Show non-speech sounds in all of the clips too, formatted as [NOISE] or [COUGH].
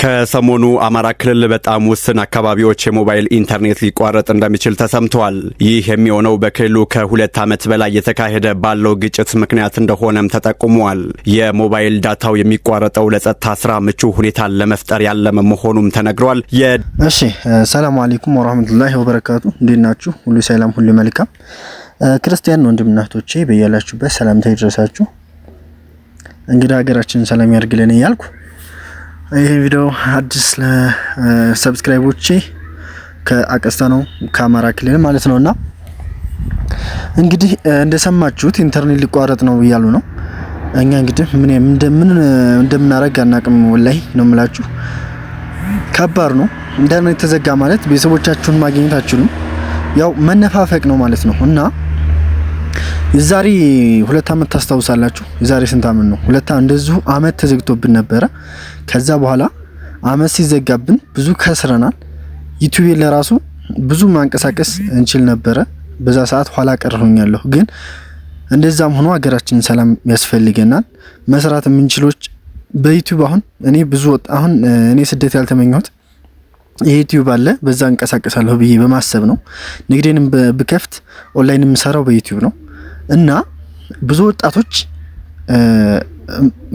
ከሰሞኑ አማራ ክልል በጣም ውስን አካባቢዎች የሞባይል ኢንተርኔት ሊቋረጥ እንደሚችል ተሰምተዋል። ይህ የሚሆነው በክልሉ ከሁለት ዓመት በላይ የተካሄደ ባለው ግጭት ምክንያት እንደሆነም ተጠቁመዋል። የሞባይል ዳታው የሚቋረጠው ለጸጥታ ስራ ምቹ ሁኔታን ለመፍጠር ያለመ መሆኑም ተነግሯል። እሺ፣ ሰላሙ አሌይኩም ወረህመቱላሂ ወበረካቱ። እንዴት ናችሁ? ሁሉ ሰላም፣ ሁሉ መልካም። ክርስቲያን ወንድምና በያላችሁበት ሰላምታ ይድረሳችሁ። እንግዲህ ሀገራችን ሰላም ያርግልን እያልኩ ይህ ቪዲዮ አዲስ ለሰብስክራይቦቼ ከአቀስታ ነው ከአማራ ክልል ማለት ነው። እና እንግዲህ እንደሰማችሁት ኢንተርኔት ሊቋረጥ ነው እያሉ ነው። እኛ እንግዲህ ምን እንደምን እንደምናደርግ አናቅም። ላይ ነው የምላችሁ፣ ከባድ ነው። ኢንተርኔት ተዘጋ ማለት ቤተሰቦቻችሁን ማግኘት አችሉም። ያው መነፋፈቅ ነው ማለት ነው እና የዛሬ ሁለት አመት ታስታውሳላችሁ? የዛሬ ስንት አመት ነው? ሁለት እንደዚሁ አመት ተዘግቶብን ነበረ። ከዛ በኋላ አመት ሲዘጋብን ብዙ ከስረናል። ዩቲዩብ ለራሱ ብዙ ማንቀሳቀስ እንችል ነበረ። በዛ ሰዓት ኋላ ቀር ሆኛለሁ። ግን እንደዛም ሆኖ ሀገራችንን ሰላም ያስፈልገናል። መስራት የምንችሎች በዩቲዩብ አሁን እኔ ብዙ አሁን እኔ ስደት ያልተመኘሁት የዩቲዩብ አለ በዛ እንቀሳቀሳለሁ ብዬ በማሰብ ነው። ንግዴንም ብከፍት ኦንላይን የምሰራው በዩቲዩብ ነው እና ብዙ ወጣቶች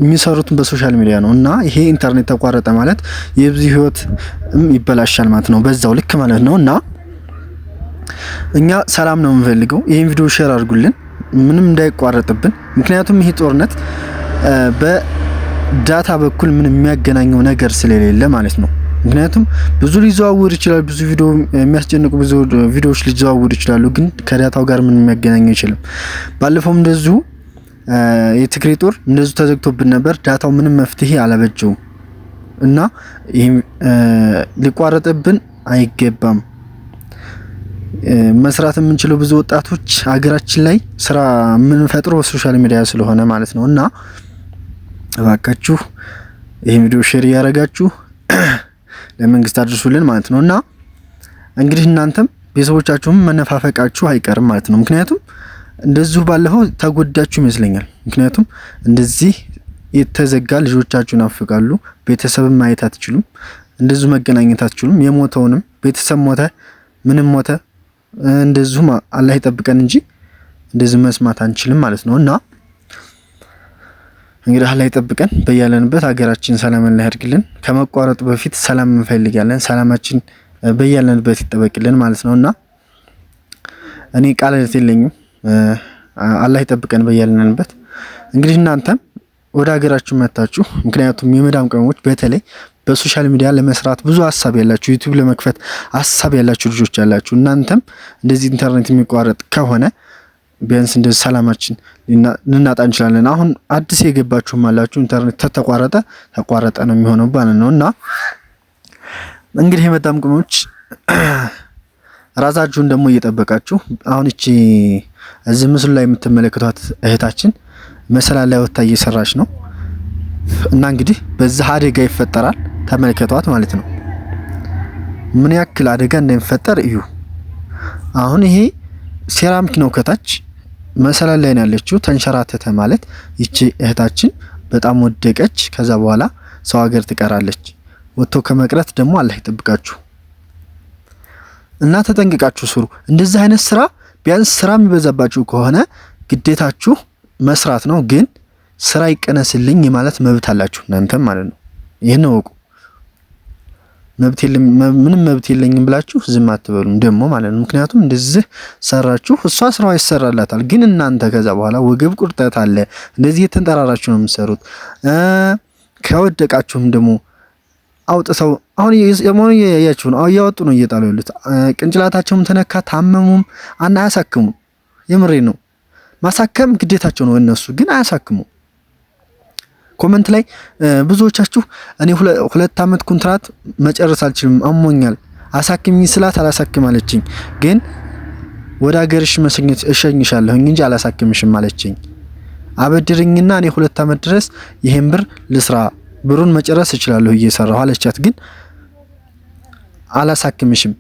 የሚሰሩትን በሶሻል ሚዲያ ነው እና ይሄ ኢንተርኔት ተቋረጠ ማለት የብዙ ህይወት ይበላሻል ማለት ነው፣ በዛው ልክ ማለት ነው። እና እኛ ሰላም ነው የምንፈልገው። ይህን ቪዲዮ ሼር አድርጉልን፣ ምንም እንዳይቋረጥብን። ምክንያቱም ይሄ ጦርነት በዳታ በኩል ምን የሚያገናኘው ነገር ስለሌለ ማለት ነው። ምክንያቱም ብዙ ሊዘዋውር ይችላል። ብዙ ቪዲዮ የሚያስጨንቁ ብዙ ቪዲዮዎች ሊዘዋውር ይችላሉ፣ ግን ከዳታው ጋር ምን የሚያገናኘው አይችልም። ባለፈውም እንደዚሁ የትግሬ ጦር እንደዚሁ ተዘግቶብን ነበር። ዳታው ምንም መፍትሄ አላበጀው እና ሊቋረጥብን አይገባም። መስራት የምንችለው ብዙ ወጣቶች ሀገራችን ላይ ስራ የምንፈጥሮ ሶሻል ሚዲያ ስለሆነ ማለት ነው እና እባካችሁ ይህ ቪዲዮ ሼር እያደረጋችሁ [CLEARS THROAT] ለመንግስት አድርሱልን ማለት ነው እና እንግዲህ እናንተም ቤተሰቦቻችሁም መነፋፈቃችሁ አይቀርም ማለት ነው ምክንያቱም እንደዚሁ ባለፈው ተጎዳችሁ ይመስለኛል። ምክንያቱም እንደዚህ የተዘጋ ልጆቻችሁ ናፍቃሉ። ቤተሰብን ማየት አትችሉም፣ እንደዚሁ መገናኘት አትችሉም። የሞተውንም ቤተሰብ ሞተ፣ ምንም ሞተ፣ እንደዚሁ አላህ ይጠብቀን እንጂ እንደዚህ መስማት አንችልም ማለት ነው እና እንግዲህ አላህ ይጠብቀን። በያለንበት ሀገራችን ሰላም አላህ ያድርግልን። ከመቋረጡ በፊት ሰላም እንፈልጋለን። ሰላማችን በያለንበት ይጠበቅልን ማለት ነው እና እኔ ቃል የለኝም። አላህ ይጠብቀን በያልንበት። እንግዲህ እናንተም ወደ ሀገራችሁ መታችሁ፣ ምክንያቱም የመዳም ቀመሞች በተለይ በሶሻል ሚዲያ ለመስራት ብዙ ሀሳብ ያላችሁ ዩቲዩብ ለመክፈት ሀሳብ ያላችሁ ልጆች ያላችሁ እናንተም እንደዚህ ኢንተርኔት የሚቋረጥ ከሆነ ቢያንስ እንደዚህ ሰላማችን ልናጣ እንችላለን። አሁን አዲስ የገባችሁም አላችሁ ኢንተርኔት ተተቋረጠ ተቋረጠ ነው የሚሆነው ባለ ነው እና እንግዲህ የመዳም ቅመሞች [CLEARS THROAT] ራሳችሁን ደግሞ እየጠበቃችሁ አሁን እቺ እዚህ ምስሉ ላይ የምትመለከቷት እህታችን መሰላል ላይ ወጥታ እየሰራች ነው እና እንግዲህ በዚህ አደጋ ይፈጠራል። ተመልከቷት ማለት ነው። ምን ያክል አደጋ እንደሚፈጠር እዩ። አሁን ይሄ ሴራሚክ ነው። ከታች መሰላል ላይ ነው ያለችው። ተንሸራተተ ማለት ይቺ እህታችን በጣም ወደቀች። ከዛ በኋላ ሰው ሀገር ትቀራለች። ወጥቶ ከመቅረት ደግሞ አላህ ይጠብቃችሁ እና ተጠንቅቃችሁ ስሩ እንደዚህ አይነት ስራ ቢያንስ ስራ የሚበዛባችሁ ከሆነ ግዴታችሁ መስራት ነው። ግን ስራ ይቀነስልኝ የማለት መብት አላችሁ እናንተም ማለት ነው። ይህን እወቁ። ምንም መብት የለኝም ብላችሁ ዝም አትበሉም ደግሞ ማለት ነው። ምክንያቱም እንደዚህ ሰራችሁ እሷ ስራዋ ይሰራላታል፣ ግን እናንተ ከዛ በኋላ ወገብ ቁርጠት አለ። እንደዚህ የተንጠራራችሁ ነው የምትሰሩት። ከወደቃችሁም ደግሞ አውጥተው አሁን የመሆኑ እያያችሁ ነው። እያወጡ ነው እየጣሉ ያሉት። ቅንጭላታቸውም ተነካ፣ ታመሙም አና አያሳክሙ። የምሬ ነው። ማሳከም ግዴታቸው ነው እነሱ ግን አያሳክሙ። ኮመንት ላይ ብዙዎቻችሁ እኔ ሁለት አመት ኮንትራት መጨረስ አልችልም አሞኛል፣ አሳክሚ ስላት አላሳክም አለችኝ። ግን ወደ ሀገርሽ መሰኘት እሸኝሻለሁኝ እንጂ አላሳክምሽም አለችኝ። አበድርኝና እኔ ሁለት አመት ድረስ ይሄን ብር ልስራ ብሩን መጨረስ እችላለሁ እየሰራሁ አለቻት። ግን አላሳክምሽም፣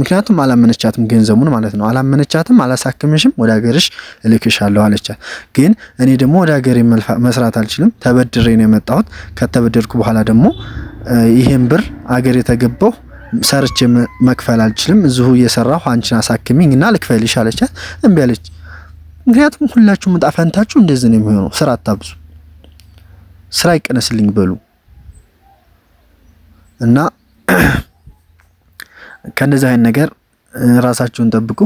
ምክንያቱም አላመነቻትም፣ ገንዘቡን ማለት ነው። አላመነቻትም፣ አላሳክምሽም፣ ወደ ሀገርሽ እልክሻለሁ አለቻት። ግን እኔ ደግሞ ወደ ሀገሬ መስራት አልችልም፣ ተበድሬ ነው የመጣሁት። ከተበደርኩ በኋላ ደግሞ ይሄን ብር አገር የተገባው ሰርቼ መክፈል አልችልም፣ እዚሁ እየሰራሁ አንቺን አሳክሚኝ እና ልክፈልሽ አለቻት። እምቢ አለች። ምክንያቱም ሁላችሁም እጣ ፈንታችሁ እንደዚህ ነው የሚሆነው፣ ስራ አታብዙ። ስራ ይቀነስልኝ በሉ እና [CLEARS THROAT] ከእንደዚህ አይነት ነገር ራሳችሁን ጠብቁ።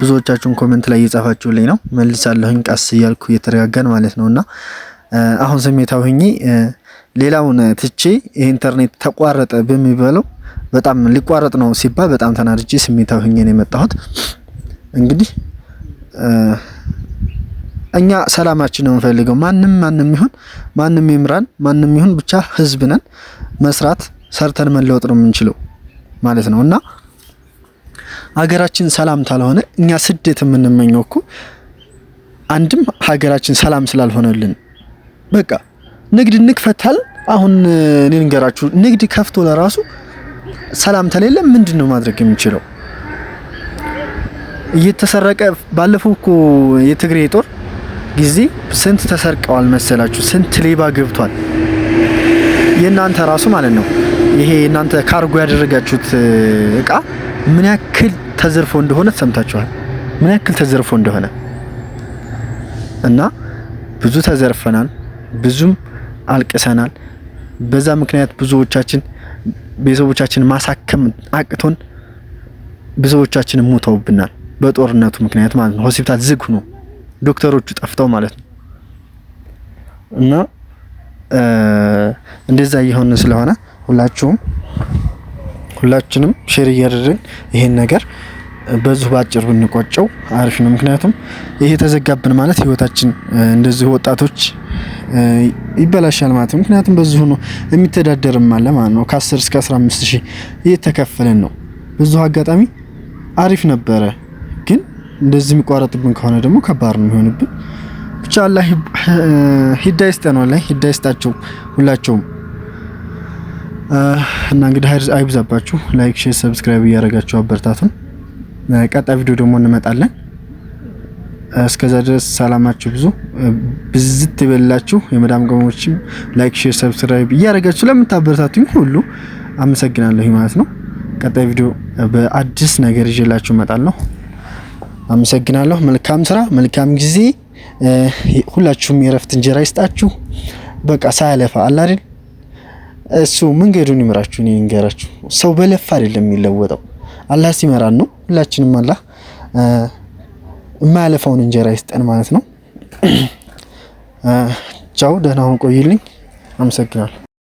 ብዙዎቻችሁን ኮሜንት ላይ እየጻፋችሁልኝ ነው፣ መልሳለሁኝ ቀስ እያልኩ እየተረጋጋን ማለት ነው። እና አሁን ስሜታዊ ሆኜ ሌላውን ትቼ የኢንተርኔት ተቋረጠ በሚባለው በጣም ሊቋረጥ ነው ሲባል በጣም ተናድጄ ስሜታዊ ሆኜ ነው የመጣሁት እንግዲህ እኛ ሰላማችን ነው የምንፈልገው። ማንም ማንም ይሁን ማንም ይምራን ማንም ይሁን ብቻ ህዝብ ነን። መስራት ሰርተን መለወጥ ነው የምንችለው ማለት ነው እና ሀገራችን ሰላም ታልሆነ እኛ ስደት የምንመኘው እኮ አንድም ሀገራችን ሰላም ስላልሆነልን በቃ ንግድ እንክፈታል። አሁን እኔ ንገራችሁ ንግድ ከፍቶ ለራሱ ሰላም ተሌለ ምንድን ነው ማድረግ የሚችለው? እየተሰረቀ ባለፈው እኮ የትግሬ ጦር ጊዜ ስንት ተሰርቀዋል መሰላችሁ? ስንት ሌባ ገብቷል? የእናንተ ራሱ ማለት ነው። ይሄ እናንተ ካርጎ ያደረጋችሁት እቃ ምን ያክል ተዘርፎ እንደሆነ ሰምታችኋል ምን ያክል ተዘርፎ እንደሆነ እና ብዙ ተዘርፈናል፣ ብዙም አልቅሰናል። በዛ ምክንያት ብዙዎቻችን ቤተሰቦቻችን ማሳከም አቅቶን ብዙዎቻችን ሞተውብናል፣ በጦርነቱ ምክንያት ማለት ነው። ሆስፒታል ዝግ ዶክተሮቹ ጠፍተው ማለት ነው እና እንደዛ እየሆን ስለሆነ ሁላችሁም ሁላችንም ሼር እያደረግን ይሄን ነገር በዚሁ በአጭር ብንቆጨው አሪፍ ነው። ምክንያቱም ይሄ ተዘጋብን ማለት ህይወታችን እንደዚሁ ወጣቶች ይበላሻል ማለት ነው። ምክንያቱም በዚሁ ነው የሚተዳደርም አለ ማለት ነው። ከ10 እስከ 15 ሺህ እየተከፈለን ነው። በዚሁ አጋጣሚ አሪፍ ነበረ። እንደዚህ የሚቋረጥብን ከሆነ ደግሞ ከባድ ነው የሚሆንብን። ብቻ አላ ሂዳ ይስጠ ነው ላይ ሂዳ ይስጣቸው ሁላቸውም። እና እንግዲህ አይብዛባችሁ፣ ላይክ፣ ሼር፣ ሰብስክራይብ እያደረጋችሁ አበርታቱን። ቀጣይ ቪዲዮ ደግሞ እንመጣለን። እስከዛ ድረስ ሰላማችሁ ብዙ ብዝት ይበላችሁ። የመዳም ቅመሞችም ላይክ፣ ሼር፣ ሰብስክራይብ እያደረጋችሁ ለምታበረታቱኝ ሁሉ አመሰግናለሁ ማለት ነው። ቀጣይ ቪዲዮ በአዲስ ነገር ይዤላችሁ እመጣለሁ። አመሰግናለሁ። መልካም ስራ፣ መልካም ጊዜ። ሁላችሁም የረፍት እንጀራ ይስጣችሁ። በቃ ሳያለፋ አለ አይደል እሱ መንገዱን ይምራችሁ። እኔ እንገራችሁ ሰው በለፋ አይደለም የሚለወጠው አላህ ሲመራን ነው። ሁላችንም አላህ የማያለፋውን እንጀራ ይስጠን ማለት ነው። ቻው፣ ደህና ሁን፣ ቆይልኝ። አመሰግናለሁ።